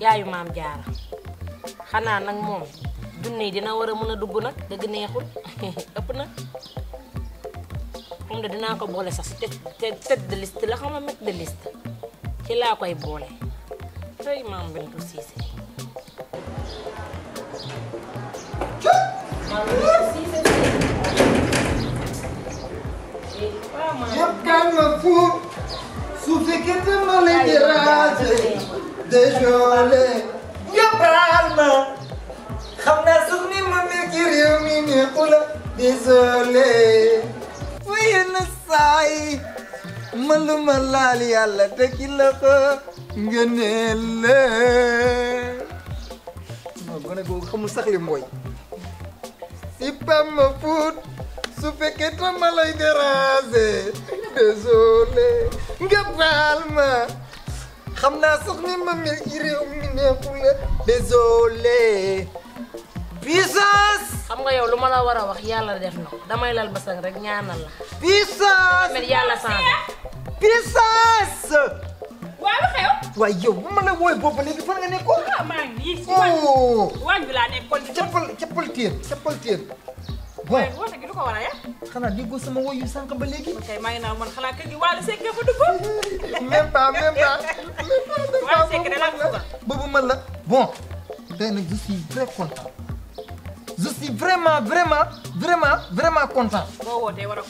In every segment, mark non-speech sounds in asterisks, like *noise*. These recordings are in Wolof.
yaayu maam jaara xanaa nag moom junne dina war a mën a dugg nag dëgg neexul *laughs* ëpp na moom de dinaa ko boole sax te tête de liste la xam nga mettre de ci laa koy boole tey maam Bintu Siise Yapkan gafur su fekkente ma lay déranger désolé nga baal ma xam naa suuf ni ma mel ci réew mi neexu la désolé waaye na saa ma lu ma laal yàlla tekki la ko nga ne la gone googu xamul sax li mooy si pam fuut fekkee tama lay déranger désolé nga baal ma xam naa sax ni ma mel ci réew mi neexul la désolé puissance xam nga yow lu ma la war a wax yàlla def na damay lal basang rek ñaanal la puissance met yàlla changé puissance waaw xew waaye ma la wooy boobu léegi fan nga nekkoon ah, maa ngi nii si oh. waañ bi laa nekkoon lu ko sama woyu sànq ba léegi kay maa man xanaa kër gi Wally Seck fa même pas même pas la bon tey nag je suis très content je suis vraiment vraiment vraiment vraiment content boo wootee war a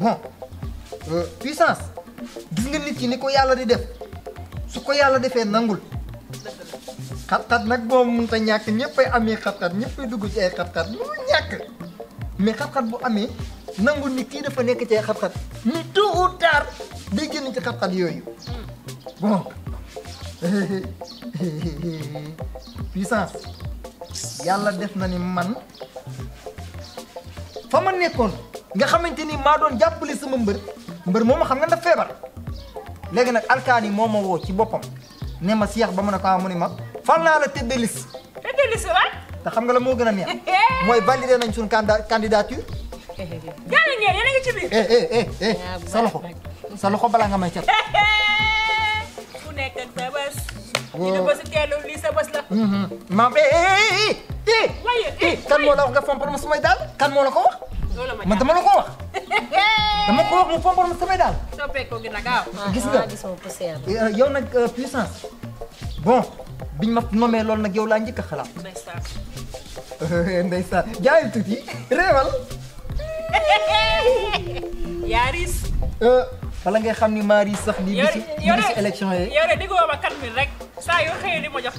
bon puissance gis nga nit ki di def su ko yàlla defee nangul xat-xat nag boo mun ta ñàkk ñëppay amee xat-xat ñëppay dugg ci ay mais xat-xat bu amé nangu ni ki dafa nek ci xat-xat ni tôt ou tard day génn ci xat-xat yoyu bon *laughs* puissance yalla def na ni man fama nekkon nga xamanteni ma doon jappali sama mbeur mbeur moma xam nga da febar léegi nak alkani moma wo ci bopam ne ma siyax ba ah, mu ne ko amuni ma fan laa la tedelis tëddalis waay ta xam nga la mo gëna neex eh, eh. moy valider nañ sun candidature. nga ci bi Eh, eh, eh, eh. sa loxo sa loxo bala nga may cat. ku nekk ak sa bës. ñu ne bës eh, eh. sa bës oh. la. Mm-hmm. eh eh eh. eh kan, kan mo la wax nga fompal ma samay dal kan moo la ko wax. man dama la ko wax. dama ko wax mu fompal ma samay daal. soppeeku gi nag gis nga ah, yow nag puissance. bon biñ ma nommé loolu nag yow laa njëkk a xalaat ndeysaan jaayal tuuti réewal Yaris. wala eh, ngay xam ni sax di bisu bisu élection yi yow de diggoo ma rek saa yoo jox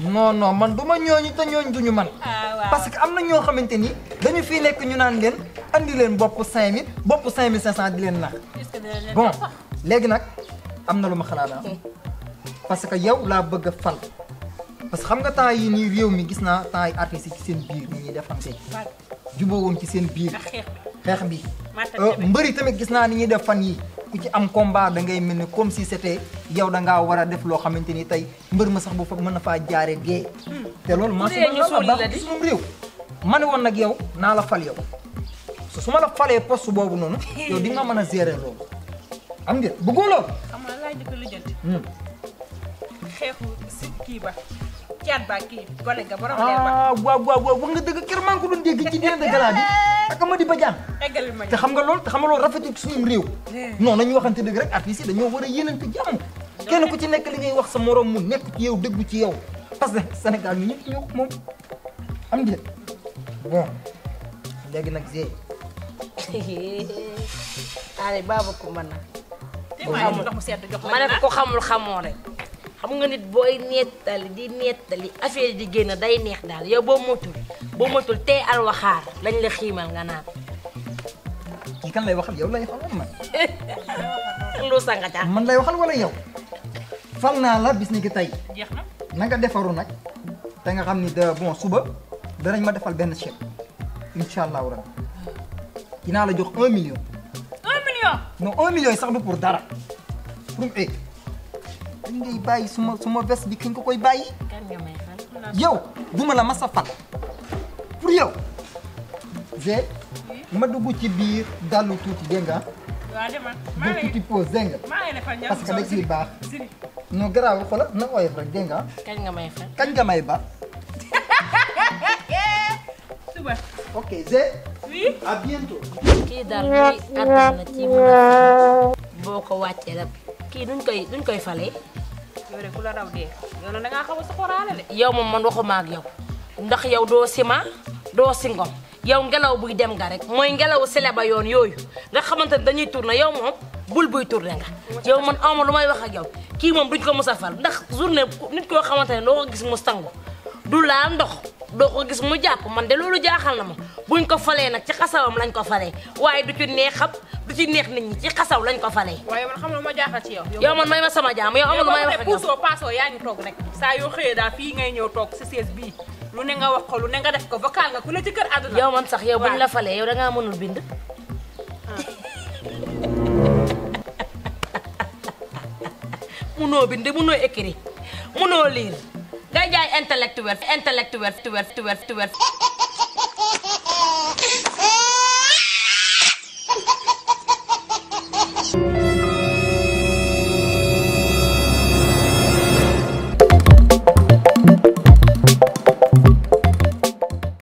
non non man du ñooñu te ñooñu duñu man parce que am na ñoo dañu fii nekk ñu naan leen andi leen bopp 5000 bopp 5500 di bon léegi nag am na lu parce que yow bëgg fal parce que xam nga temps yi nii mi gis na temps yi ci sen biir ni ñuy defante jubóo won ci sen biir xex bi euh, mbeuri tamit gis na ni ñuy def fan yi ku ci am combat da ngay melni comme si c'était yow da nga wara a def lo xamanteni tay mbeur ma sax bu fa mën na faa jaaree gee hmm. te loolu ma baax la di sun rew ne won nak yow na la fal yow su suma la falé poste bobu non *laughs* yow di nga meuna gérer loolu am nga bu loolu xam nga laaj jëkk lu jënd hmm. xexu ki ba jaat ba kii gone ga borom leer ba ah waaw waaw waaw wax nga dëgg kër maa ngi ko doon dégg ci dinde gala bi ak Amady Badiane eggali ma te xam nga loolu te xam nga loolu rafetul suñu réew eh. non nañu waxante dëgg rek artistes yi dañoo war a yéenante jàmm kenn ku ci nekk li ngay wax sa morom mu nekk ci yow dëggu ci yow parce que Sénégal ñu ñëpp ñoo moom am di bon léegi nag Zé *laughs* allez baba ko mën ko xamul xamoo rek xam nga nit booy nettali di netali. affaire di génn day neex dal yow bo motul bo motul al waxar lañ la xiimal nga na ki kan lay waxal yow lay waxal man. lu sanga ta man lay waxal wala yow. fal na la bis ni ki tay jeexna nga defaru nak te nga xam ni de bon suba danañ ma defal ben chef inshallah wala dina la jox 1 million. 1 million. non 1 million sax du pour dara pour eh li ngay bàyyi suma suma veste bi kañ ko koy bàyyi. yow duma la masa fal pour yow. Zé ma dugg ci biir dallu tuuti dégg nga. waaw dama maa nga. parce que da baax. non garaawul xoolal na oyof rek kañ ga may fal kañ nga may ba. *laughs* ok Zé. oui à bientôt. kii daal kii àdduna ci mën a boo ko wàccee rek. kii duñ koy duñ koy falee. yow xaw a soxoraale de. yow moom man waxuma ak yow ndax yow doo sima doo singom yow ngelaw buy dem nga rek mooy ngelaw sele ba yoon yooyu nga xamante ne dañuy tourné yow moom bul buy tourné nga. yow man awma lu may wax ak yow kii moom duñ ko mos a fal ndax journée nit koo xamante ne doo ko gis mu sangu du laal ndox doo ko gis mu jàpp man de loolu jaaxal na ma. buñ ko falee nag ci xasawam lañ ko falee waaye du ci neexam du ci neex nit ci xasaw lañ ko falee. waaye man xam nga ma jaaxal ci yow. yow man may ma sama jaam yow amul may wax ak yow puusoo toog rek saa yoo xëyee daal fii ngay ñëw toog si sees bii lu ne nga wax ko lu nga def ko vocal nga ku la ci kër àdduna. yow man sax yow man la falee yow dangaa mënul bind. Ah. *laughs* munoo bind munoo écrire munoo lire ngay jaay intellectuel intellectuel tuwer tuwer tuwer